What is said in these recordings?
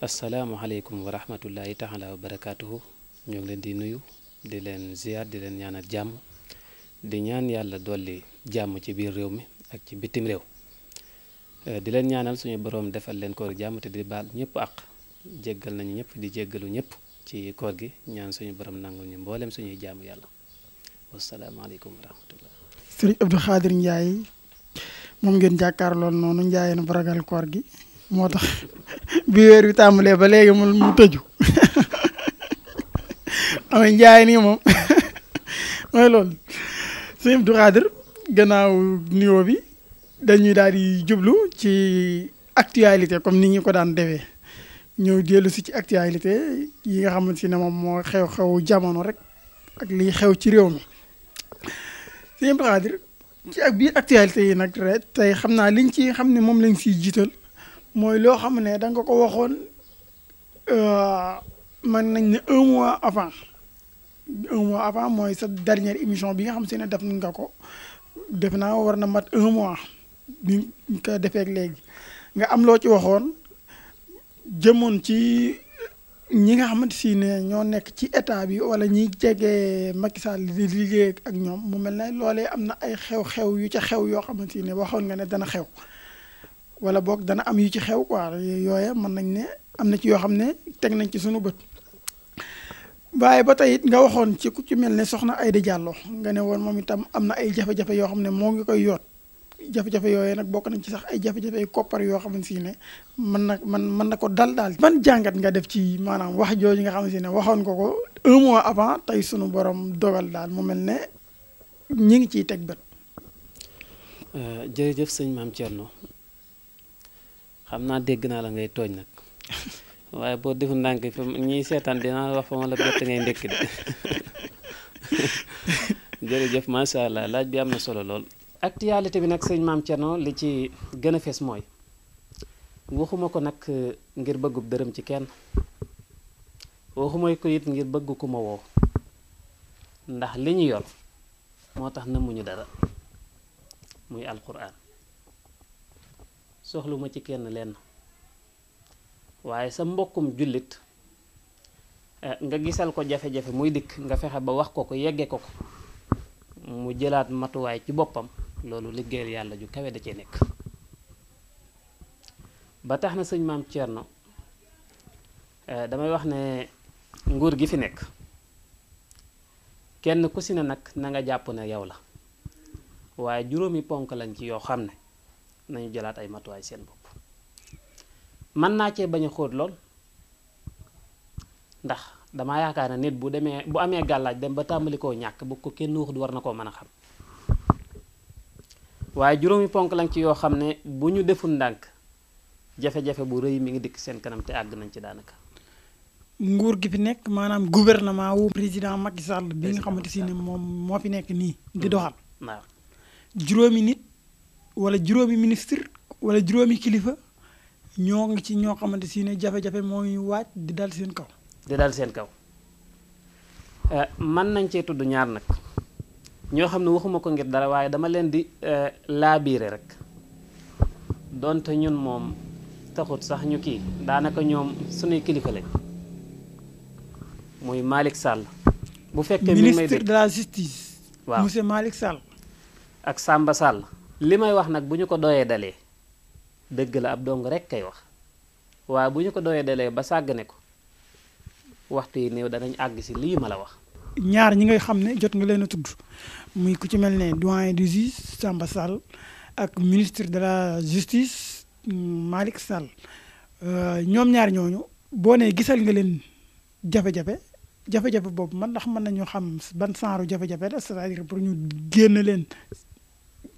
asalaamualeykum wa rahmatullahi taala wa barakaatuhu ñoo ngi leen di nuyu di leen ziar di leen ñaanal jàmm di ñaan yàlla dolli jàmm ci biir réew mi ak ci bitim réew eh, di leen ñaanal suñu boroom defal leen koor jàmm te di baal ñëpp ak jéggal nañu ñëpp di jéggalu ñëpp ci koor gi ñaan suñu borom nangul ñu mboolem suñuy jàmm yàlla wasalaamaaleykum wa rahmatullah sëriñ Abdou Khadir Ndiaye moom ngeen jàkkaarlool noonu Ndiaye na koor gi moo tax bi weer bi tàmbalee ba léegi mu mu tëju amee njaay nii moom mooy loolu sëñ Abdou Khadre gannaaw nuyoo bi dañuy daal di jublu ci actualité comme ni ñu ko daan defee ñëw dellu si ci actualité yi nga xamante ne moom moo xew-xew jamono rek ak liy xew ci réew mi sëñ Abdou Khadre ci ak biir actualité yi nag tey xam naa liñ ci xam ne moom lañ siy jiital mooy loo xam ne da nga ko waxoon euh, mën nañ ne un mois avant un avant mooy sa dernière émission bi nga xam si ne def nañ nga ko def naa war na mat un mois bi ko defeek léegi nga am loo ci waxoon jëmoon ci ñi nga xamante si ne ñoo nekk ci état bi wala ñi jege Macky Sall di liggéey ak ñoom mu mel na loole am na ay xew-xew yu ca xew yoo xamante ne waxoon nga ne dana xew wala boog dana am yu ci xew quoi yooya mën nañ ne am na ci yoo xam ne teg nañ ci sunu bët waaye ba tey it nga waxoon ci ku ci mel ne soxna Aida Diallo nga ne woon moom itam am na ay jafe-jafe yoo xam ne moo ngi koy yoot jafe yooyu nag bokk nañ ci sax ay jafe-jafe koppar yoo xam ne si ne mën na man mën na ko dal daal. man jàngat nga def ci maanaam wax jooju nga xam ne waxoon ko ko un mois avant tey sunu borom dogal daal mu mel ne ñi ngi ciy teg bët. Euh, jërëjëf sëñ maam Thierno am naa dégg naa la ngay tooñ nag waaye boo defu ndànk fi ñiy seetaan dinaa wax fa ma la bett ngay ndékki de jërëjëf macha allah laaj bi am na solo lool. actualité bi nag sëñ maam Thierno li ci gën a fees mooy waxuma ko nag euh, ngir bëggub dërëm ci kenn waxuma ko it ngir bëgg ku ma woo ndax li ñu yor moo tax namuñu dara muy alquran. soxlu ci kenn lenn waaye sa mbokkum jullit eh, nga gisal ko jafe-jafe muy dikk nga fexe ba wax ko ko yegge ko ko mu jëlaat matuwaay ci boppam loolu liggéeyal yàlla ju kawe da cee nekk ba tax na sëñ maam Thierno eh, damay wax ne nguur gi fi nekk kenn ku si ne nag na nga jàpp ne yow la waaye juróomi ponk lañ ci yoo xam ne nañu jëlaat ay matuwaay seen bopp mën naa cee bañ a xóot lool ndax damaa yaakaar ne nit bu demee bu amee gàllaaj dem ba tàmbali koo ñàkk bu ko kenn wax war na koo mën a xam waaye juróomi ponk lañ ci yoo xam ne bu ñu deful ndànk jafe-jafe bu rëy mi ngi dikk seen kanam te àgg nañ ci daanaka. nguur gi fi nekk maanaam gouvernement wu président Macky Sall bi nga xamante si ne moom moo fi nekk nii di mm-hmm. doxal. waaw juróomi nit. wala juróomi ministre wala juróomi kilifa ñoo ngi ci ñoo xamante si ne jafe-jafe moo ngi waaj di dal seen kaw. di dal seen kaw euh, mën nañ cee tudd ñaar nag ñoo xam ne waxuma ko ngir dara waaye dama leen di euh, laabiire rek donte ñun moom taxut sax ñu kii daanaka ñoom suñuy kilifa lañ muy Malick Sall. bu fekkee mi may ministre de la justice. waaw monsieur ak Samba Sall. limay wax nak buñu ko doye dalé deug la ab dong rek kay wax wa buñu ko doye dalé ba sag ne ko waxtu yi néew danañ ag ci li ma la wax ñaar ñi ngay xam ne jot nga leen tudd muy ku ci mel doyen du justice Samba Sall ak ministre de la justice mm, Malik Sall euh, ñom ñaar ñoñu bo nee gisal nga leen jafe-jafe jafe-jafe boobu man ndax man nañu xam ban saaru jafe-jafe la c'est-à-dire pour ñu génn leen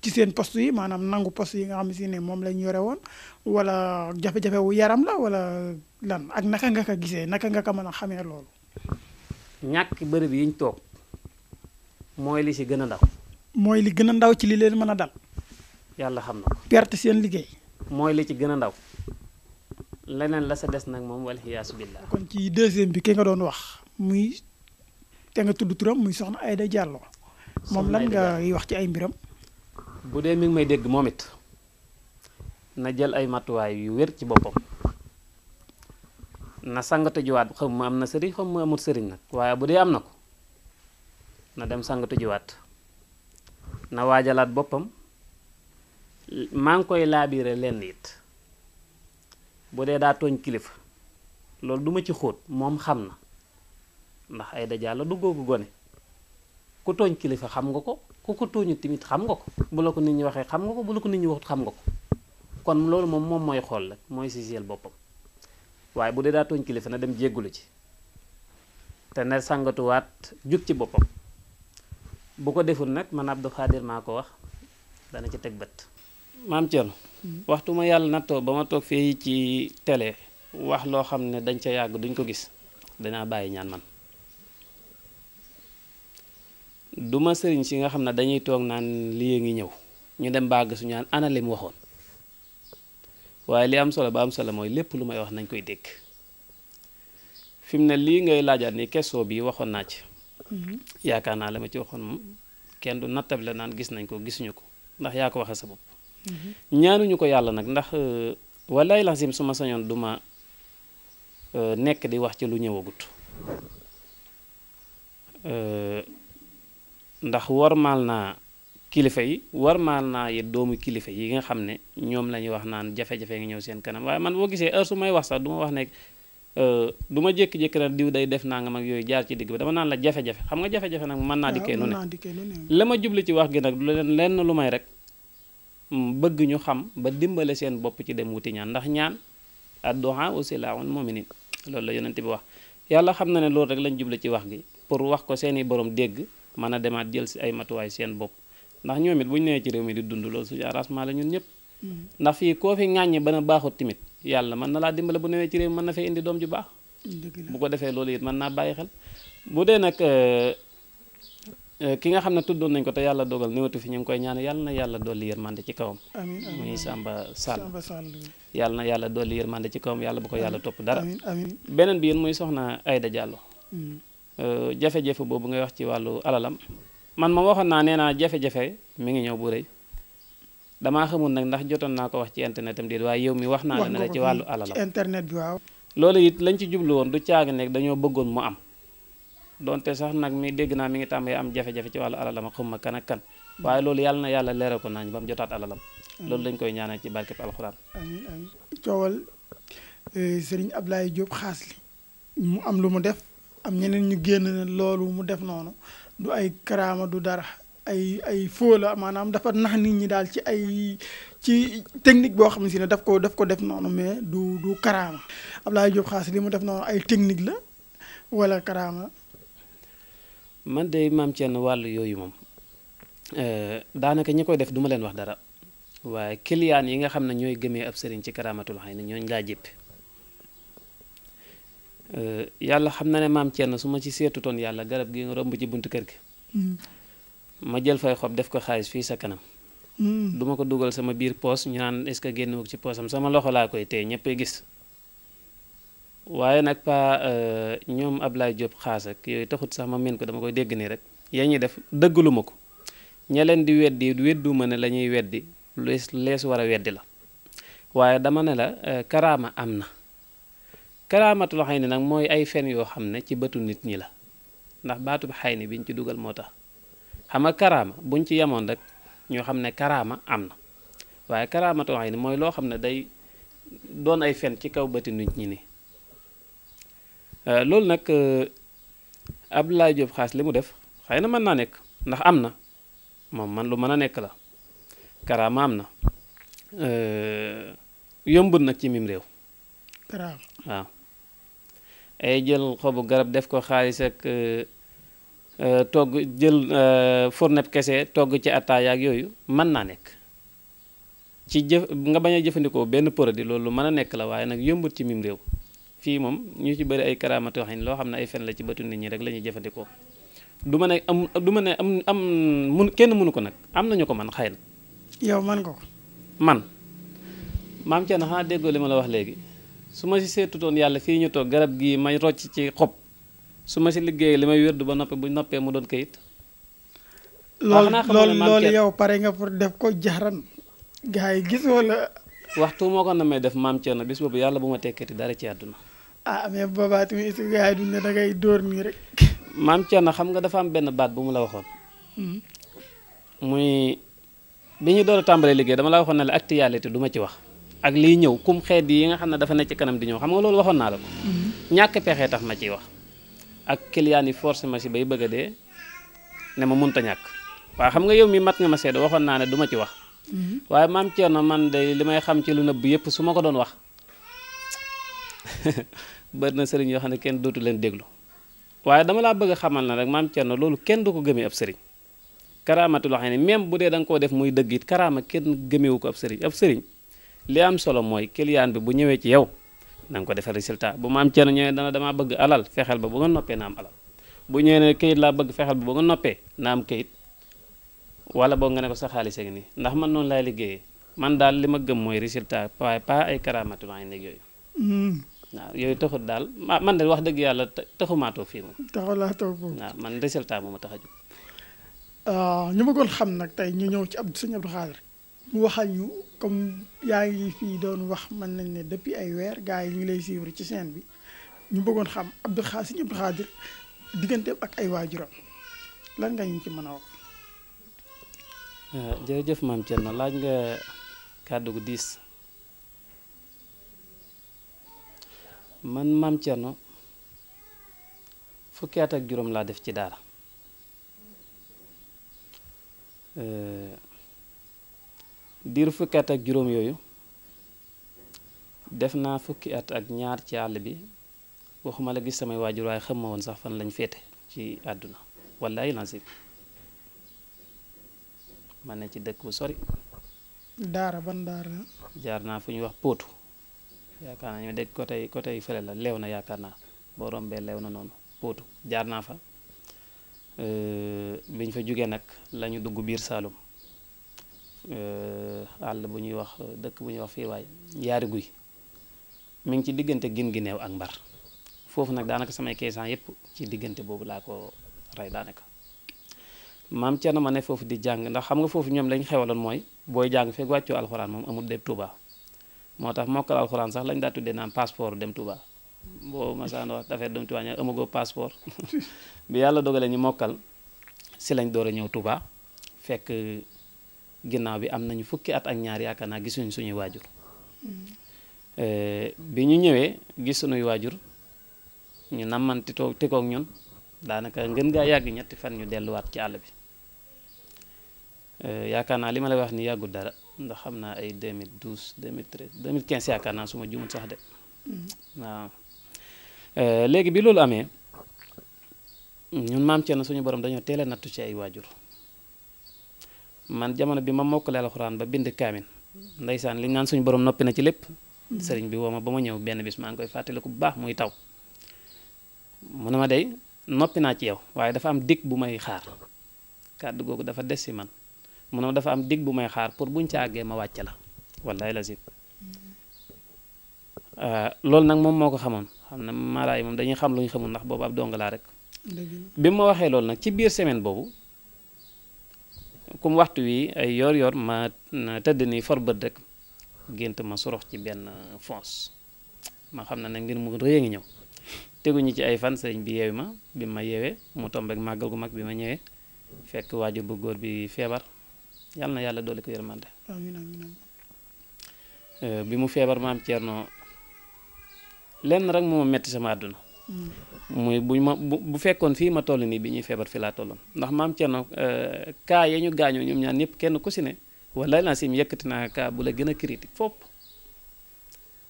ci seen poste yi maanaam nangu poste yi nga xam si ne moom lañ yore woon wala jafe-jafe wu yaram la wala lan ak naka nga ko gisee naka nga ko mën a xamee loolu. ñàkk bërëb yiñ ñu toog mooy li si gën a ndaw. mooy li gën a ndaw ci li leen mën a dal. yàlla xam na ko. perte seen liggéey. mooy li ci gën a ndaw. leneen la sa des nag moom wal xiyaasu billah kon ci deuxième bi ki nga doon wax muy te nga tudd turam muy soxna da moom lan nga wax ci ay mbiram. bu dee mi ngi may dégg moom it na jël ay matuwaay yu wér ci boppam na sangatu jiwaat xam mu am na sëriñ xam mu amut sëriñ nag waaye bu dee am na ko na dem sangatu jiwaat na waajalaat boppam maa ngi koy laabiire lenn it bu dee daa tooñ kilifa loolu duma ci xóot moom xam na ndax ay dajaal la duggoogu gone ku tooñ kilifa xam nga ko ku ko tooñu tamit xam nga ko bu la ko nit ñi waxee xam nga ko bu la ko nit ñu waxut xam nga ko kon loolu moom moom mooy xool rek mooy siseel boppam waaye bu dee daa tooñ kilifa na dem jéggulu ci te ne sàngatuwaat jug ci boppam bu ko deful nag man Abdou Khadir maa ko wax dana ci teg bët maam Thierno waxtu ma yàlla nattoo ba ma toog fii ci télé wax loo xam ne dañ ca yàgg duñ ko gis danaa bàyyi ñaan man du ma sëriñ si nga xam ne dañuy toog naan lii ngi ñëw ñu dem bàgg suñu naan ana li waxoon waaye li am solo ba am solo mooy lépp lu may wax nañ koy dégg fi mu ne lii ngay laajaat ni question bii waxoon naa ci mm-hmm. yaakaar naa la ma ci waxoon moom kenn du nattable naan gis nañ ko gisuñu ko ndax yaa ko waxee sa bopp mm-hmm. ñaanuñu ko yàlla nag ndax euh, wallaay laxsim su sañoon du ma euh, nekk di wax ci lu ñëwagut euh, ndax war warmaal naa kilifa yi war warmaal naa yi doomu kilifa yi nga xam ne ñoom la ñuy wax naan jafe-jafe ngi ñëw seen kanam waaye man boo gisee heure su may wax sax du ma wax ne euh, du ma jékki-jékki rek diw day def nangam ak yooyu jaar ci digg bi dama naan la jafe xam nga jafe-jafe nag mën naa dikkee nu ne la ma jubli ci wax gi nag du leen lenn lu may rek bëgg ñu xam ba dimbale seen bopp ci dem wuti ñaan ndax ñaan at aussi ad-du'a usilaa'un mu'minin loolu la ti bi wax yàlla xam na ne loolu rek lañ jubli ci wax gi pour wax ko seeni borom dégg mën a demaat jël si ay matuwaay seen bopp ndax ñoom it bu ñu nee ci réew mi di dund loolu suñu arrangement la ñun ñëpp mm-hmm. ndax fii koo fi ŋàññi ba na baaxut timit yàlla man na laa dimbale bu newee ci réew mi na fee indi doom baax bu ko defee loolu it mën naa bàyyi xel bu dee nag euh, euh, ki nga xam ne tuddoon nañ ko te yàlla dogal néewatu fi ñu ngi koy ñaan yàlla na yàlla dolli yërmande ci kawam muy Samba Sall yàlla na yàlla dolli yërmande ci kawam yàlla bu ko yàlla topp dara beneen bi yéen muy soxna Aida Diallo mm-hmm. Euh, jafe-jafe boobu ngay wax ci wàllu alalam man ma waxoon naa nee naa jafe-jafe mi ngi ñëw bu rëy damaa xamul nag ndax jotoon naa ko wax ci internet am déet waaye yow mi wax naa la ne ci wàllu alalam internet bi waaw. loolu it lañ ci jublu woon du caagi nekk dañoo bëggoon mu am donte sax nag mi dégg naa mi ngi tàmbalee am jafe ci wàllu alalam ak xamuma kan ak kan waaye loolu yàlla na yàlla leeral ko naañ ba jotaat alalam. loolu lañ koy ñaana ci barkeb alxuraan. amiin amiin coowal euh, Serigne Ablaye mu am lu mu def. am ñeneen ñu génn ne loolu mu def noonu du ay karaama du dara ay ay foo la maanaam dafa nax nit ñi daal ci ay ci technique boo xam si ne daf ko daf ko def noonu mais du du karaama Abdoulaye Diop Khass li mu def noonu ay technique la wala karaama man de maam Thierno wàll yooyu moom euh, daanaka ñi koy def duma leen wax dara waaye client yi nga xam ne ñooy gëmee ab sëriñ ci karaamatul xay ni ñooñ laa jéppi Euh, yàlla xam na ne maam Thierno su ma ci seetutoon yàlla garab gi nga romb ci buntu kër gi. Mm. ma jël fay xob def ko xaalis fii sa kanam. Mm. duma ko dugal sama biir poos ñu naan est-ce que génn ci poosam sama loxo laa koy téye ñëppay gis. waaye nag pa euh, ñoom Ablaye Diop xaas ak yooyu taxut sax ma mën ko dama koy dégg nii rek yaa ñuy def dëggalu ma ko ña leen di weddi weddu ma ne la ñuy weddi lees lees war a weddi la waaye dama ne la euh, karaama am na. karaamatul xay ni nag mooy ay fen yoo xam ne ci bëtu nit ñi la ndax baatu xay ni biñ ci dugal moo tax xam nga karaama buñ ci yemoon rek ñoo xam ne karaama am na waaye karaamatul xay mooy loo xam ne day doon ay fen ci kaw bëti nit ñi ni euh, loolu nag euh, Abdoulaye Diop Khass li mu def xëy na mën naa nekk ndax am na moom man lu mën a nekk la karaama na euh, yombul nag ci miim réew. waaw. ay jël xobu garab def ko xaalis ak euh, euh, togg jël euh, fourneb kese togg ci attaa ak yooyu mën naa nekk ci jëf nga bañ a jëfandikoo benn produit loolu lu mën a nekk la waaye nag yombut ci mim réew fii moom ñu ci bari ay karaamati waxin loo xam ne ay fen la ci bëtu nit ñi rek la ñuy jëfandikoo du ma ne am du ma ne am am mun kenn mënu ko nag am nañu ko man xëy na yow man ko man maam Thierno xanaa déggoo li ma la wax léegi suma ci setu ton yalla fi ñu tok garab gi may rocc ci xop suma ci liggey limay wërdu ba noppé bu noppé mu doon kayit loolu loolu loolu yow paré nga pour def ko jaxran gaay gis wala waxtu moko na may def maam Thierno bis bobu yalla buma tekkati dara ci aduna ah mais baba tu est gaay du ne da ngay dormir rek maam Thierno xam nga dafa am benn baat bu mu la waxoon hmm. muy biñu doora tambalé a dama la waxon na la yalla du duma ci wax ak liy ñëw kum xeet yi nga xam ne dafa ne ci kanam di ñëw xam nga loolu waxoon naa la ko mm-hmm. ñàkk pexe tax ma ciy wax ak client yi forcé ma si bay bëgg a ne ma munta ñàkk waaw xam nga yow mi mat nga ma seede waxoon naa ne du ci wax mm-hmm. waaye maam Thierno man de li may xam ci lu nëbb yëpp su ma ko doon wax bari na sëriñ yoo xam ne kenn dootu leen déglu waaye dama laa bëgg a xamal na rek maam Thierno loolu kenn du ko gëmee ab sëriñ karaamatu loo xam ne même bu dee da koo def muy dëgg it karaama kenn gëmeewu sëriñ ab sëriñ li am solo moy client bi bu ñëwee ci yow nang ko défa résultat bu ma am ci ñëwee dana dama bëgg alal fexeel ba bu nga noppé na am alal bu ñëwee né kayit la bëgg fexeel ba bu nga noppé na am kayit wala bo nga né ko sa xaalisé ak ndax man non lay liggéey man dal lima gëm moy résultat pa pa ay karamatu may ngi yoy yooyu. yoy hmm. yooyu taxut daal man dal wax dëgg to fi mo moom. taxulaatoo foofu na man résultat mo tax a jóg. Ah, ñu bëggoon xam nak tay ñu ñëw ci abdou seigne Abdou khadir mu waxal ñu comme yaa ngi fii doon wax mën nañ ne depuis ay weer gars yi ñu ngi lay suivre ci seen bi ñu bëggoon xam Abdou Khadre Serigne Abdou Khadre digganteem ak ay waajuram lan nga ñu ci mën a wax. Euh, jërëjëf maam Thierno laaj nga kàddu gu diis man maam Thierno fukki at ak juróom laa def ci daara. Euh, diir fukki at ak juróom yooyu def naa fukki at ak ñaar ci àll bi waxuma la gis samay waajur waaye xam woon sax fan lañ féete ci àdduna wallaay lancé man ne ci dëkk bu sori. daara ban daara. jaar naa fu ñuy wax póotu yaakaar naa ñu dégg côté côté fële la leew na yaakaar naa boo rombee leew na noonu póotu jaar naa fa biñ fa jógee nag lañu dugg biir Saalum. àll bu ñuy wax dëkk bu ñuy wax fii waay yaari guy mi ngi ci diggante gin gi neew ak mbar foofu nag daanaka samay keesaan yëpp ci diggante boobu laa ko rey daanaka maam Thierno ma ne foofu di jàng ndax xam nga foofu ñoom lañ xewaloon mooy booy jàng fekk wàccoo alxuraan moom amul dem Touba moo tax mokkal alxuraan sax lañ daa tuddee naan passeport dem Touba boo masaan wax affaire dem Touba ñaa amugoo passeport bi yàlla dogalee ñu mokkal si lañ door a ñëw ginnaaw bi am nañu fukki at ak ñaar yaakaar naa gisuñ suñuy waajur mm-hmm. eh, bi ñu ñëwee gis suñuy waajur ñu nammanti toog tegoog ñun daanaka ngën ngaa yàgg ñetti fan ñu delluwaat ci àll bi eh, yaakaar naa li ma lay wax ni yàggul dara ndax xam naa ay 2012 2013 2015 yaakaar naa suma ma jumut sax de mm-hmm. waaw eh, léegi bi loolu amee ñun maam Thierno suñu borom dañoo teel nattu ci ay waajur man jamono bi ma mokk mokkale alxuraan ba bind kaamin ndeysaan li naan suñu borom noppi na ci lépp sëriñ bi woo ma ba ma ñëw benn bis maa ngi koy fàttaliku bu baax muy taw mu ne ma dey noppi naa ci yow waaye dafa am digg bu may xaar kàddu googu dafa des si man mu ne ma dafa am digg bu may xaar pour buñ ca àggee ma wàcc la wallaay la si loolu nag moom moo ko xamoon xam na maaraay moom dañuy xam lu ñu xamul ndax boobu ab dongalaa rek bi ma waxee ci biir semaine boobu kum waxtu wi ay yor yor ma tedd ni for beud rek gënt ma surux ci ben foos ma xamna nak ngir mu reey a ñew teggu ñi ci ay fan sëriñ bi yewima ma bi ma yewé mu ak magal gu mag bi ma ñewé fekk waju bu goor bi feebar yàlla na yàlla doole ko euh bi mu ma am Ceerno lenn rek mu metti sama àdduna mm. muy bu ma bu bu fekkoon fii ma toll nii bi ñuy feebar fi laa tolloon ndax maam Thierno euh, cas ya ñu gaañoo ñoom ñaan ñëpp kenn ku si ne wala naa si yëkkati naa cas bu la gën a critique fopp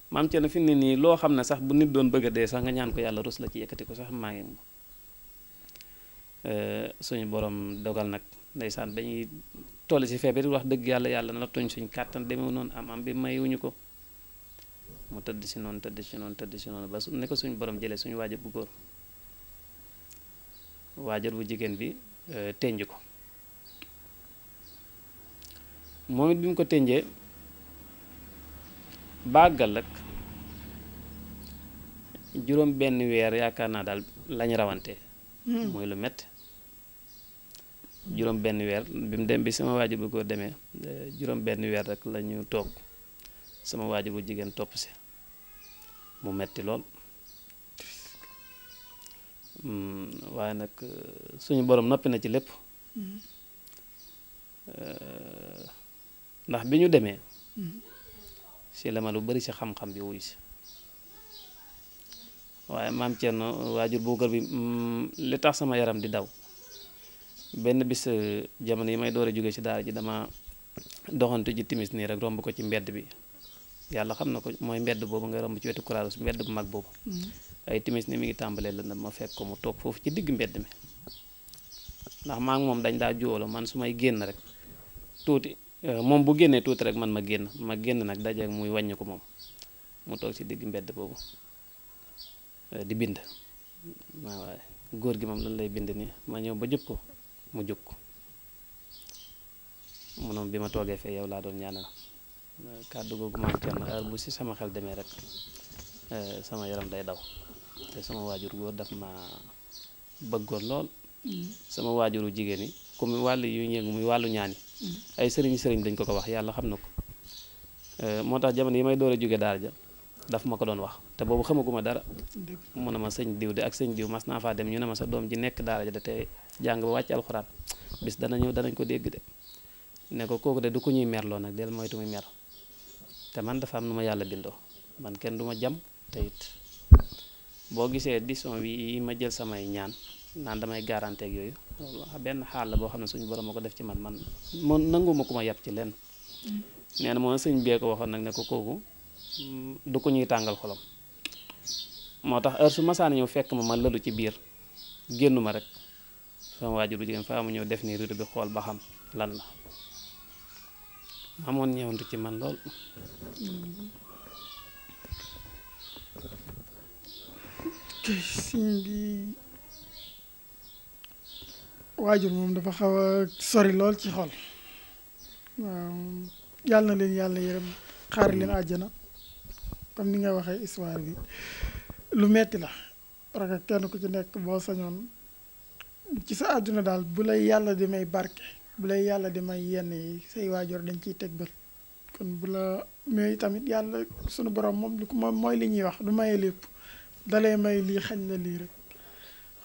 maam Thierno fi mu ne nii loo xam ne sax bu nit doon bëgg dee sax nga ñaan ko yàlla rus la ci yëkkati ko sax maa ngi euh, suñu borom dogal nag ndeysaan ba ñuy toll si feebar wax dëgg yàlla yàlla nattuñ suñ kàttan demewu noonu am am bi mayuñu ko mu tëdd si noonu tëdd si noonu tëdd ba su ne ko suñu borom jëlee suñu waajur bu góor waajur bu jigéen bi euh, tenj ko moom it bi mu ko tenjee bàggal ak juróom benn weer yaakaar naa daal lañ rawante mooy hmm. lu metti juróom benn weer bi mu dem bi sama waajur bu góor demee euh, juróom benn weer rek la ñu toog sama waajur bu jigéen topp si mu metti lool Hmm, waaye nag euh, suñu borom noppi na ci lépp euh, ndax bi ñu demee si la ma lu bari si xam-xam bi wuy si waaye maam Thierno waajur bu kër bi hmm, li tax sama yaram di daw benn bis euh, jamono yi may door a jóge si daara ji dama doxantu ji timis nii rek romb ko ci mbedd bi yalla xamna na ko moy mbedd bobu nga romb ci wetu kuraas mbedd bu mag bobu mm-hmm. ay timis ni mi ngi tambale la ma fekk ko mu tok fofu ci digg mbedd mi ndax ma ak mom dañ da joolo man sumay genn rek touti euh, mom bu genné touti rek man ma genn ma nak dajje ak muy wagnou ko mom mu tok ci digg mbedd bobu euh, di bind ma way góor gi mom lan lay bind ni ma ñew ba jub ko mu jóg ko mu bi ma toge fe yow la doon ñaanal kàddu googu maam Cerno heure bu si sama xel demee rek eh, sama yaram day daw te sama waajur góor daf ma bëggoon lool sama waajuru jigéen yi ku mu wàllu yu yëngu muy wàllu ñaani ay sëriñ sëriñ dañ ko ko wax yàlla xam na ko eh, moo tax jamono yi may door a jóge daara ja dafa ma ko doon wax te boobu xamaguma dara mu ne ma sëñ diw de ak sëñ diw mas naa faa dem ñu ne ma sa doom ji nekk daara ja de te jàng ba wàcc alxuraan bis dana ñëw danañ ko dégg de ne ko kooku de du ko ñuy merloo nag del moytu muy te man dafa am nu ma yàlla bindoo man kenn du ma jam te boo gisee disons bi ma jël samay ñaan naan damay garanté yooyu benn xaal la boo xam ne suñu borom ma ko def ci man man man nanguma ku ma yàpp ci lenn mm. nee na moom sëñ bee ko waxoon nag ne ko kooku du ko ñuy tàngal xolam moo tax heure su masaan ñëw fekk ma ma lalu ci biir génn ma rek sama waajur bu jigéen fa amu def ni rido bi xool ba xam lan la amoon ñëwantu ci man lool tey sëñ bi waajur moom dafa xaw a sori lool ci xol waaw na leen yàlla yërëm xaar leen àjjana comme ni ngay waxee histoire bi lu metti la rek kenn ku ci nekk boo sañoon ci sa àdduna daal bu lay yàlla di may barke bu lay yàlla di may yenn yi say waajur dañ ciy teg ba kon bu la mais tamit yàlla sunu borom moom li moom mooy li ñuy wax du maye lépp dalay may lii xañ na lii rek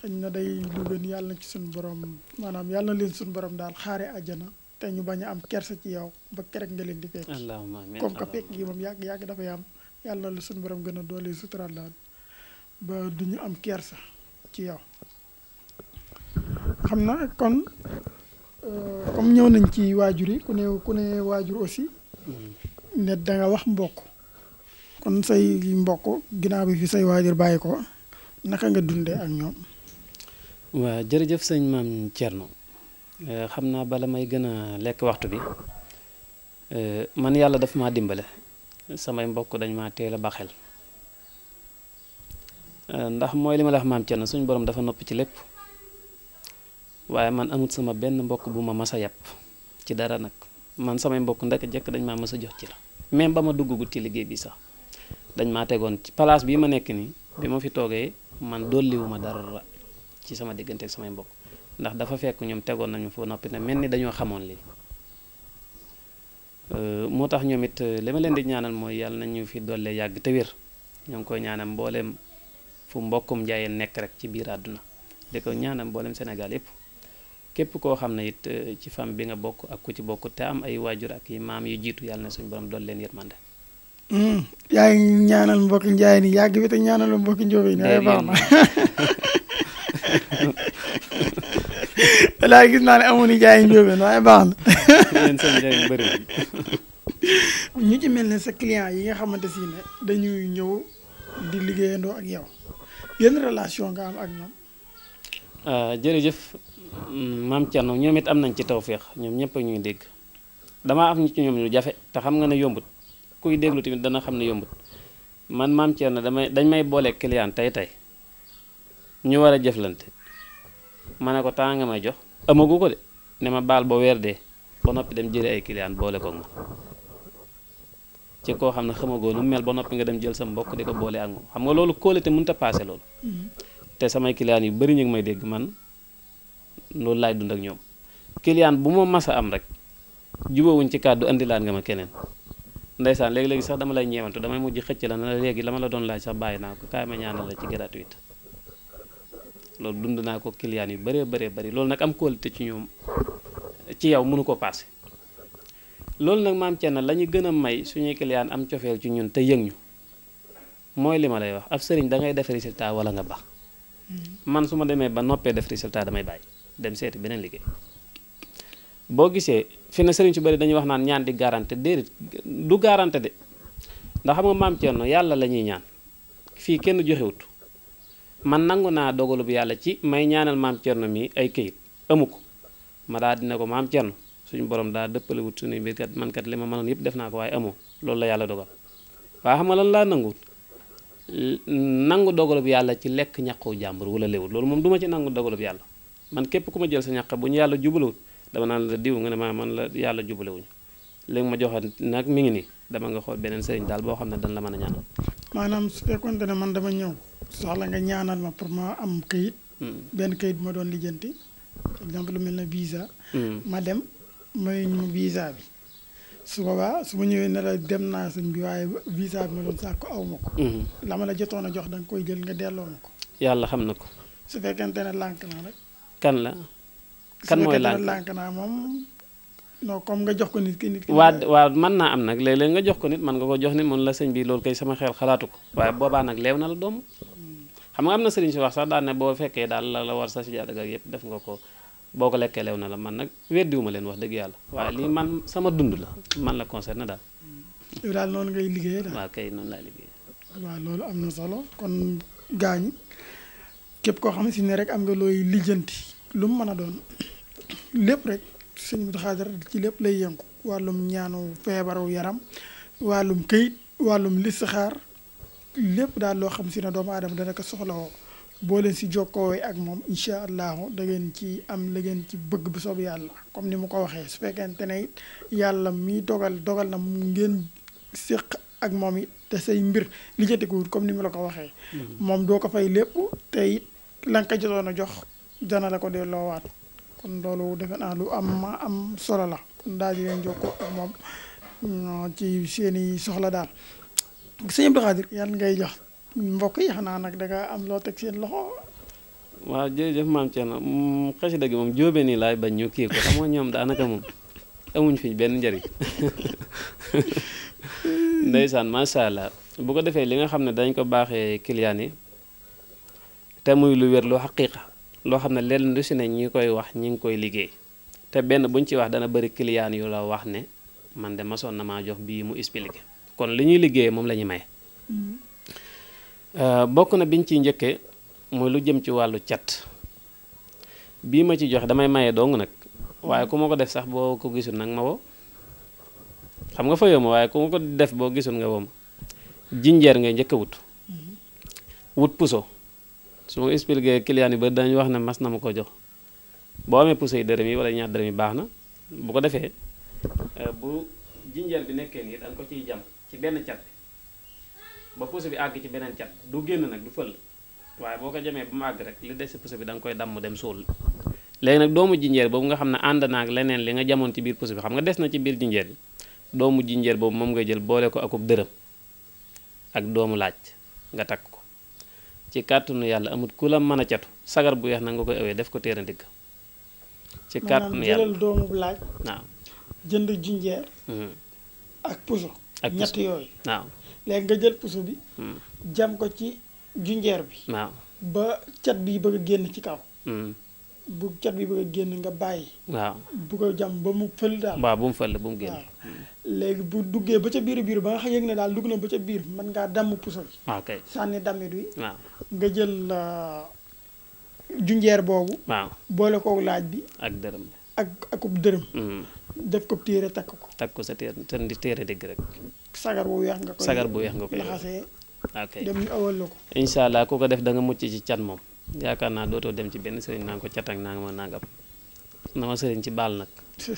xañ na day dugal yàlla ci sunu borom maanaam yàlla na leen sunu borom daal xaare àjjana te ñu bañ am kersa ci yow ba kerek nga leen di fekk. allahumma amiin comme que fekk gi moom yàgg yàgg dafay am yàlla na sunu borom gën a doole suturaal daal ba du ñu am kersa ci yow xam na kon. comme ñëw nañ ci waajur yi ku ne ku ne waajur aussi ne nga wax mbokk kon say mbokk ginnaaw bi fi say waajur bàyyi ko naka nga dundee ak ñoom. waaw jërëjëf sëñ maam Thierno euh, xam naa bala may gën a lekk waxtu bi euh, man yàlla daf maa dimbale samay mbokk dañ maa teel a baxel euh, ndax mooy li ma la wax maam Thierno suñu borom dafa noppi ci lépp. waye man amut sama ben mbokk bu ma massa yap ci dara nak man sama mbokk kunda jek dañ ma massa memba ci la même bama ma duggagut ci bi sax dañ ma tegoon ci place bi ma nek ni bi ma fi man dolliwuma dara ci sama diggante sama mbokk ndax dafa fekk ñom tegoon nañu fo nopi ne melni dañu xamone li euh motax ñomit ñoom it leen di ñaanal moy yalla nañu fi dollee yag te wér ñong koy ñaanam fu mbokkum nek rek ci biir aduna ñaanam senegal képp koo xam ne it eh, ci fam bi nga bokk ak ku ci bokk te am ay waajur ak yi maam yi jiitu yàlla na suñu borom dool leen yërmande hmm. yaa ngi ñaanal mbokki njaay ni yàgg bi te mbokki njóobeen waaye baax na walaay gis naa ne amuñu njaay baax na ñu ci mel ne sa client yi nga xamante si ne dañuy ñëw di liggéeyandoo ak yow yenn relation nga am ak ñoom ah, maam Thierno ñoom it am nañ ci tawféex ñoom ñëpp ñuy dégg damaa am ci ñoom lu jafe te xam nga ne yombut kuy déglu tamit dana xam ne yombut man maam Thierno damay dañ may boole client tey tey ñu war a jëflante ma ne ko temps nga may jox amagu ko de ne ma baal ba weer dee ba noppi dem jële ay client boole koog ma ci koo xam ne xamagoo lu mel ba noppi nga dem jël sa mbokk di ko boole ak moom xam nga loolu kóolute mënut a paase loolu. Mm-hmm. te yu bari ñu dégg man. loolu laay dund ak ñoom client bu ma mas a am rek jubawuñ ci kàddu andi laan nga ma keneen ndeysaan léegi-léegi sax dama lay ñeewantu damay mujj xëcc la na léegi la la doon laaj sax bàyyi naa ko kaay ma ñaanal la ci gratuite loolu dund naa ko kiliyaan yu bëree bëree bari loolu nag am qualité ci ñoom ci yow mënu ko paase loolu nag maam Thierno na ñu gën a may suñuy kiliyaan am cofeel ci ñun te yëg ñu mooy li ma lay wax ab sëriñ dangay ngay def résultat wala nga baax mm-hmm. man su ma demee ba noppee def résultat damay bàyyi dem seeti beneen liggéey boo gisee fi na sëriñ su bari dañuy wax naan ñaan di garante déedéet du garante de ndax xam nga maam Thierno yàlla la ñuy ñaan fii kenn joxe joxewut man nangu naa dogalub yàlla ci may ñaanal maam Thierno mi ay këyit amu ko ma daa dina ko maam Thierno suñu borom daa dëppale wut suñuy mbir kat man kat li ma mënoon yëpp def naa ko waaye amoo loolu la yàlla dogal waaye xam nga lan laa nanguwut nangu dogalub yàlla ci lekk ñaqu jàmbur wala léwut loolu moom duma ci nangu dogalub yàlla man képp ku ma jël sa ñaq bu ñu yàlla jubalewut dama naan la diw nga ne maa man la yàlla jubalewuñu léegi ma joxoon nag mi ngi nii dama nga xool beneen sëriñ daal boo xam ne dañ la mën a ñaanal. maanaam su fekkoon ne man dama ñëw soxla nga ñaanal ma am kayit. Hmm. benn kayit bu ma doon lijjanti exemple lu mel ne visa. Hmm. ma dem may ñu visa bi. su su ma ñëwee ne dem naa sëñ waaye visa bi ma ko. Hmm. la ma la jotoon a jox da koy jël nga delloo ma ko. yàlla xam na ko. su fekkente ne lànk naa rek. kan la kan mooy lànk naa moom non comme nga jox ko nit ki nit ki waa waaw mën am nag léeg-léeg nga jox ko nit mën nga ko jox nit mën la sëñ bi loolu sama xel xalaatu ko waaye boobaa nag leew na la xam am na sëriñ si wax sax daal ne boo fekkee daal la la war sa si jaadaga yëpp def nga ko boo ko lekkee leew na la man nag weddiwuma leen wax dëgg yàlla waaye lii man sama dund la man la concerné daal yow daal noonu ngay liggéeyee daal waaw kay noonu laay liggéeyee waaw loolu am na solo kon gaañ képp koo xam si ne rek am nga looy lijjanti lu mu mën a doon lépp rek sëñ Modou ci lépp lay yëngu wàllum ñaanu feebaru yaram wàllum këyit wàllum listixaar lépp daal loo xam si ne doomu aadama dana ko soxlawoo boo leen si jokkoowee ak moom incha allahu da ngeen ci am la ngeen ci bëgg bi soob yàlla comme ni mu ko waxee su fekkente ne it yàlla mi dogal dogal na mu ngeen séq ak moom it te say mbir lijjanti ko wut comme ni mu la ko waxee. Hmm. moom doo la nga ko a jox dana la ko delloowaat kon loolu defe naa lu am am solo la kon daal di leen jokkoo moom ci seeni soxla daal sëñ Abdou Khadir yan ngay jox mbokk yi xanaa nag da am loo teg loxo. waaw jërëjëf maam Thierno mm, xasida gi moom jóobe nii laay bañ ñu kii ko xamoo ñoom daanaka moom amuñ fiñ benn njëriñ ndeysaan macha allah bu ko defee li nga xam ne dañ ko baaxee client yi. te muy lu wér lu xaqiiqa loo xam ne lenn lu si ne ñi koy wax ñi ngi koy liggéey te benn buñ ci wax dana bari client yu la wax ne man de masoon na maa jox bii mu expliqué kon li ñuy liggéeyee moom la ñuy maye. Mm-hmm. Euh, bokk na biñ ciy njëkkee mooy lu jëm ci wàllu cat bii ma ci joxe damay maye dong nag waaye ku ma ko def sax boo ko gisul nag ma woo xam nga fa yow waaye ku ma ko def boo gisul nga woo ma jinjeer ngay njëkk a wut mm-hmm. wut puso. su ma expliqué client yi ba dañ wax ne mas na ma ko jox bo amé pousse yi dërëm yi wala ñaar dërëm yi baxna bu ko defee euh, bu jinjel bi nekké ni dañ ko ciy jam ci benn cat ba pousse bi ag ci beneen cat du génn nak du feul waye boko jame bu mag rek li dess si pousse bi da koy dam dem sol légui nag doomu jinjel bobu nga xamna and na naag leneen li nga jamon ci biir pousse bi xam nga dess na ci biir jinjel doomu jinjel bobu mom nga jël bolé ko akup dërëm ak doomu laaj nga takk ko ci kàttanu yàlla amut ku la mën a catu sagar bu weex na nga koy awee def ko téer a ndigg ci kàttanu yàlla maanaam jëlal doomu bu laaj waaw jënd jinjeer hmm. ak puso ak ñett yooyu waaw léegi nga jël puso bi hmm. jam ko ci junjeer bi waaw ba cat bi bëgg a génn ci kaw hmm. bu cat bi bëgg a nga bayyi waaw bu ko jam ba mu fël dal waaw bu mu fël bu mu génn. légui bu duggé ba ca biir biir ba nga xam yëg ne daal dugg na ba ca biir man nga dam puso ah, ok sànni dammit waaw nga jël euh, junjeer bobu waaw boole ko laaj bi. ak dërëm ak akub dërëm. Hmm. def ko téré tak ko. tak ko sa téere di téré dëgg rek. sagar bu weex nga ko sagar bu weex nga koy ok dem ñu awal inshallah ko. allah ko def da nga mucc ci cat mom yaakaar naa dootoo dem ci benn sëriñ naa ko catag naa nga ma nangam na ma sëriñ ci baal nag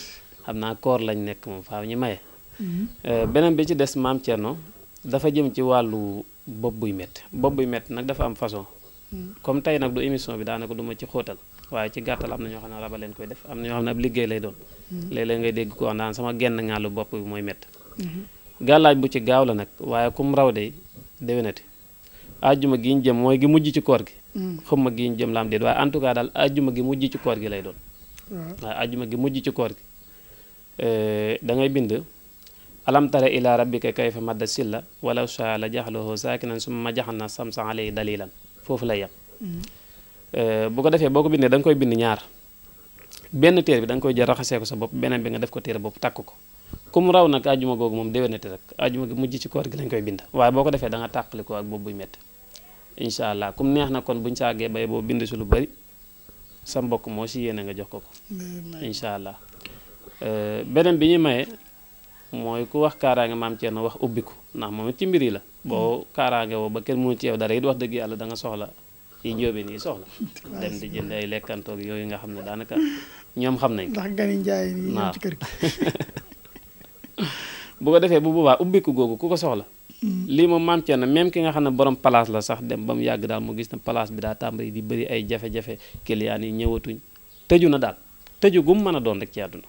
xam naa koor lañ nekk moom faaw ñu maye mhm. euh, beneen bi ci des maam Thierno dafa jëm ci wàllu bopp buy métti bopp buy métti nag dafa am façon mhm. comme tey nag du émission bi daanaka du ci xóotal waaye ci gàttal am na ñoo xam ne raba leen koy def am na ñoo xam mhm. dégg ko daan sama genn ngaalu bopp bi mooy métti gàllaaj bu ci gaaw la nag waaye kum raw de déwénati ajjuma gi ñu jëm mooy gi mujj ci koor gi xam ma gi ñu jëm laam déet waaye en tout cas daal ajjuma gi mujj ci koor gi lay doon waaw ajjuma gi mujj ci koor gi da ngay bind alam tara ila rabbika kayfa madda silla walaw shaa la jaxalahu saakinan summa jaxalna samsa alayhi dalilan foofu lay yem mm-hmm. bu ko defee boo ko bindee da koy bind ñaar bi da nga koy jël raxasee ko sa bopp beneen bi nga def ko téere bopp takk ko kum raw nag ci koor gi lañ koy bind waaye boo ko defee da nga ko ak boobu buy métti inshallah kum comme neex na kon buñ agge bay bo bind ci lu bari sa mbokk mo ci yene nga jox ko ko incha allah euh, beneen bi maye moy ku wax mam ci na wax ubbiku na mom ci mbiri la bo karange wo ba kenn mënu ci yow dara it wax deug yalla da nga soxla yi njóobeen ni soxla dem di jënd ay ak yoy nga xamne danaka ñom xam nañ ndax gani njaay ni ci kër gi bu ko defé bu ba ubbiku ku ko soxla lii moom maam Thierno même ki nga xam ne borom place la sax dem ba mu yàgg daal mu gis ne place bi daa tàmbali di bëri ay jafe-jafe clients yi ñëwatuñ tëju na daal tëju gu mu mën a doon rek ci àdduna.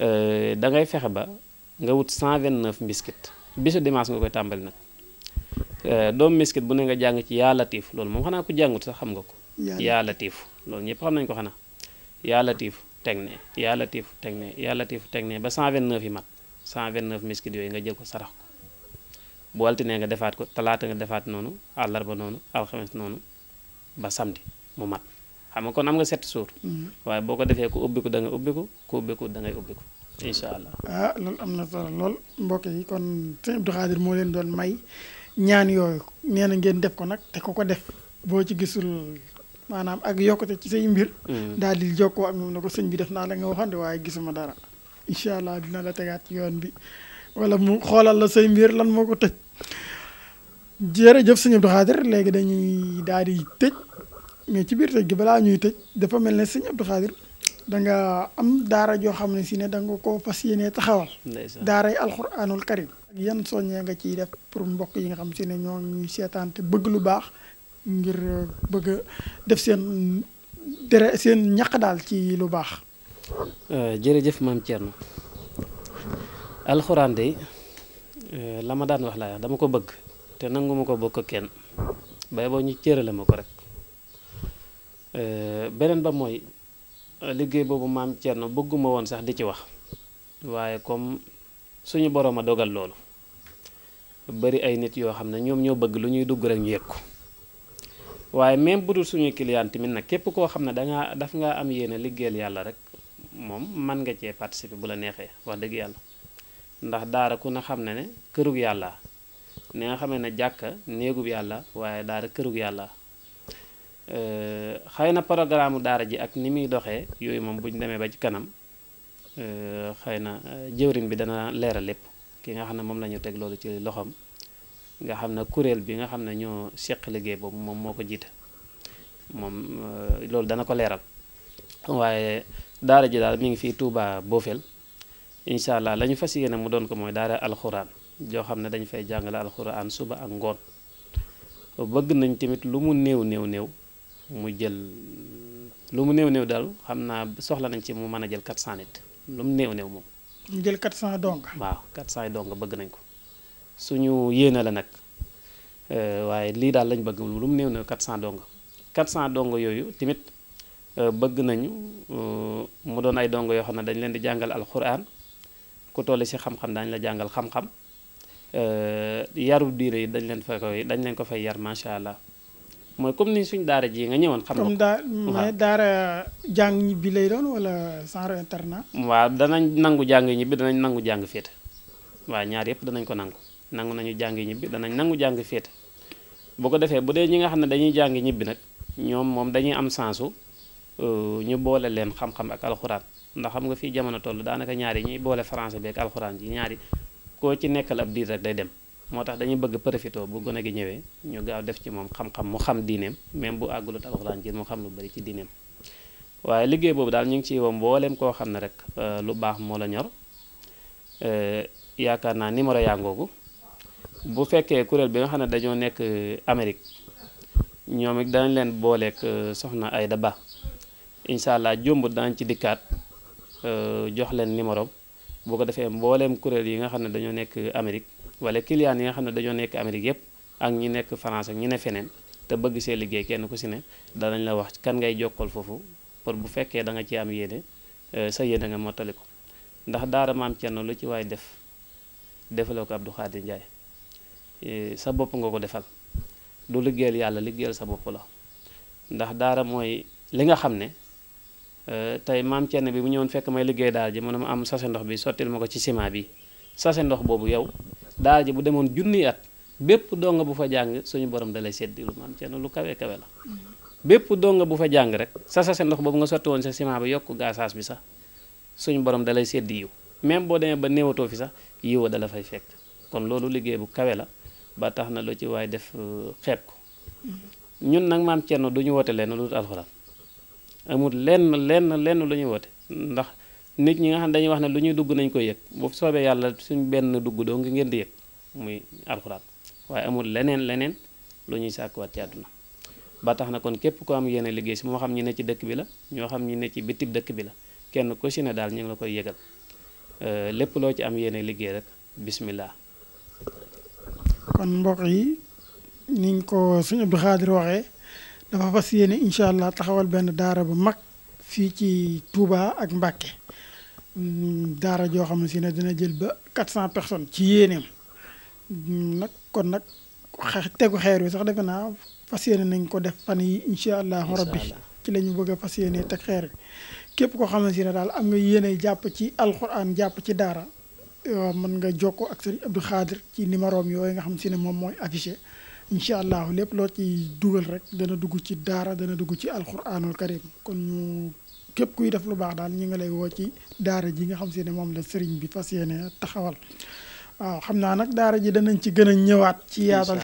Euh, da ngay fexe ba nga wut cent 129 mbiskit bisu dimanche nga koy tàmbali nag euh, doom mbiskit bu ne nga jàng ci yàlla latiif loolu moom xanaa ko jàngut sax xam nga ko. yàlla latiif loolu ñëpp xam nañ ko xanaa yaa latiif teg ne yaa latiif teg ne yaa latiif teg ne ba 129 yi mat 129 mbiskit yooyu nga jël ko sarax ko. bu altine nga defaat ko talaata nga defaat noonu àllarba noonu alxames noonu ba samedi mu mat xam nga kon am nga sept jours. Mhm. waaye boo ko defee ko ubbiku da nga ubbiku ko ubbiku da ngay ubbiku incha allah. ah loolu am na solo lool mbokk yi kon sëñ moo leen doon may ñaan yooyu nee na ngeen def ko nag te ko def boo ci gisul. maanaam ak yokkute ci say mbir. Mm. daal di jokkoo ak moom bi def naa la nga waxoon de waaye gisuma dara. allah dina la tegaat ci yoon bi wala mu xoolal la say mbir lan moo ko tëj. jërëjëf sëñ Abdou Khadir léegi dañuy daal di tëj mais ci biir tëj gi balaa ñuy tëj dafa mel ne sëñ Abdou Khadir da nga am daara joo xam ne si ne da nga koo fas yéenee taxawal. yi alxuraanul karim. ak yan soññee nga ciy def pour mbokk yi nga xam si ne ñoo ñuy seetaan te bëgg lu baax ngir euh, bëgg def seen dere seen ñaq daal ci lu baax. Euh, jërëjëf maam Thierno alxuraan de. Eh, la ma daan wax laa wax dama ko bëgg te nangu ma ko bokk kenn bay boo ñu cërale ma ko rek eh, beneen ba mooy eh, liggéey boobu maam na bëgguma woon sax di ci wax waaye comme suñu boroom a dogal loolu bari ay nit yoo xam ne ñoom ñoo bëgg lu ñuy dugg rek ñu yëg ko waaye même bu dul suñu client tamit nag képp koo xam ne dangaa daf ngaa am yéene liggéeyal yàlla rek moom man nga cee participer bu la neexee wax dëgg yàlla ndax daara ku ne xam ne ne kërug yàlla ni nga xam ne jàkka néegub yàlla waaye daara kërug yàlla euh, xëy na programme daara ji ak ni muy doxee yooyu moom bu ñu demee ba ci kanam euh, xëy na euh, jëwriñ bi dana leeral lépp ki nga xam ne moom la teg loolu ci loxoom nga xam ne kuréel bi nga xam ne ñoo seq liggéey boobu moom moo ko jiite moom loolu dana ko leeral waaye daara ji daal mi ngi fi Touba Bofel incha allah la ñu fas yéene mu doon ko mooy daara alxuraan joo xam ne dañ fay jàngale alxuraan suba ak ngoon bëgg nañ tamit lu mu néew néew néew mu jël lu mu néew néew daal xam naa soxla nañ ci mu mën a jël 400 nit lu mu néew néew moom. ñu jël 400 dong. waaw 400 yi dong bëgg nañ ko suñu yéene la nag euh, waaye lii daal lañ bëgg lu mu néew néew 400 dong 400 dong yooyu tamit euh, bëgg nañu euh, mu doon ay dong yoo xam ne dañ leen di jàngal alxuraan. ku toll si xam-xam daañu la jàngal xam-xam euh, yaru diire yi dañ leen fa koy dañ leen ko fay yar macha allah mooy comme ni suñ daara ji nga ñëwoon. xam nga mais daara jàng ñibbi lay doon wala sans internat. waaw danañ nangu jàng ñibbi danañ nangu jàng féete waaw ñaar yëpp danañ ko nangu nangu nañu jàng ñibbi danañ nangu jàng féete bu ko defee bu dee ñi nga xam ne dañuy jàng ñibbi nag ñoom moom dañuy am sensu euh, ñu boole leen xam-xam ak alxuraan. ndax xam nga fii jamono toll daanaka ñaari ñuy boole français beeg alxuraan ji ñaari koo ci nekkal ab diir rek day dem moo tax dañuy bëgg profité bu gone gi ñëwee ñu gaaw def ci moom xam-xam mu xam diineem même bu àggulut alxuraan ji mu xam lu bari ci diineem waaye liggéey boobu daal ñu ngi ciy woo mbooleem koo xam ne rek euh, lu baax moo la ñor euh, naa numéro yaa ngoogu bu fekkee kuréel bi nga xam ne dañoo nekk euh, Amérique ñoom it danañ leen booleeg soxna Ayda Ba incha allah jombut danañ ci dikkaat. Euh, jox leen numéro boo ko defee mbooleem kuréel yi nga xam ne dañoo nekk Amérique wala client yi nga xam ne dañoo nekk Amérique yëpp ak ñi nekk France ak ñi ne feneen te bëgg see liggéey kenn ku si ne danañ la wax kan ngay jokkal foofu pour bu fekkee da nga ci am yéene euh, sa yéene nga mottali ko ndax daara maam Thierno lu ci waay def defaloo ko Abdou Khadir Ndiaye eh, sa bopp nga ko defal du liggéeyal yàlla liggéeyal sa bopp la ndax daara mooy li nga xam ne Euh, tey maam Thierno bi mu ñëwoon fekk may liggéey daal ji mu ma am sase ndox bi sottil ma ko ci ciment bi sase ndox boobu yow daal ji bu demoon junni at bépp donga bu fa jàng suñu borom dalay seddi lu maam Thierno lu kawe kawe la bépp donga bu fa jàng rek sa sase ndox boobu nga sotti woon sa ciment bi yokk gaasaas bi sax suñu borom dalay seddi yiw même boo demee ba néewatoo fi sax yiwa dala fay fekk kon loolu liggéey bu kawe la ba tax na lu ci waaye def euh, xeeb ko mm-hmm. ñun nag maam Thierno du ñu woote leen lu dul alxuraan amul lenn lenn lenn lu ñu woote ndax nit ñi nga xam dañuy wax ne lu ñuy dugg nañ ko yëg bu soobee yàlla suñ benn dugg doo nga ngeen di yëg muy alxuraan waaye amul leneen leneen lu ñuy sàkkuwaat ci àdduna ba tax na kon képp ko am yéene liggéey si moo xam ñi ne ci dëkk bi la ñoo xam ñi ne ci bitib dëkk bi la kenn ku si ne daal ñu ngi la koy yëgal euh, lépp loo ci am yéene liggéey rek bismillah kon mbokk yi niñ ko suñu Abdou Khadir waxee dafa fas yéene incha allah taxawal benn daara bu mag fii ci Touba ak Mbacke mm, daara joo xam ne si ne dina jël ba 400 personne ci yéeneem mm, nag kon nag tegu xeer wi sax defe naa fas yéene nañ ko def fan yi allah allahu rabbi ci lañu bëgg a fas yéene teg xeer bi képp koo xam ne daal am nga yéene jàpp ci al alquran jàpp ci daara mën nga jokko ak sëriñ Abdou Khadir ci numéro yooyu nga xam si ne moom mooy affiché incha allahu lépp loo ci dugal rek dana dugg ci daara dana dugg ci alquranul karim kon ñu képp kuy def lu baax daal ñu ngi lay woo ci daara ji nga xam si ne moom la sëriñ bi fas yéene taxawal waaw xam naa nag daara ji danañ ci gën a ñëwaat ci yaatal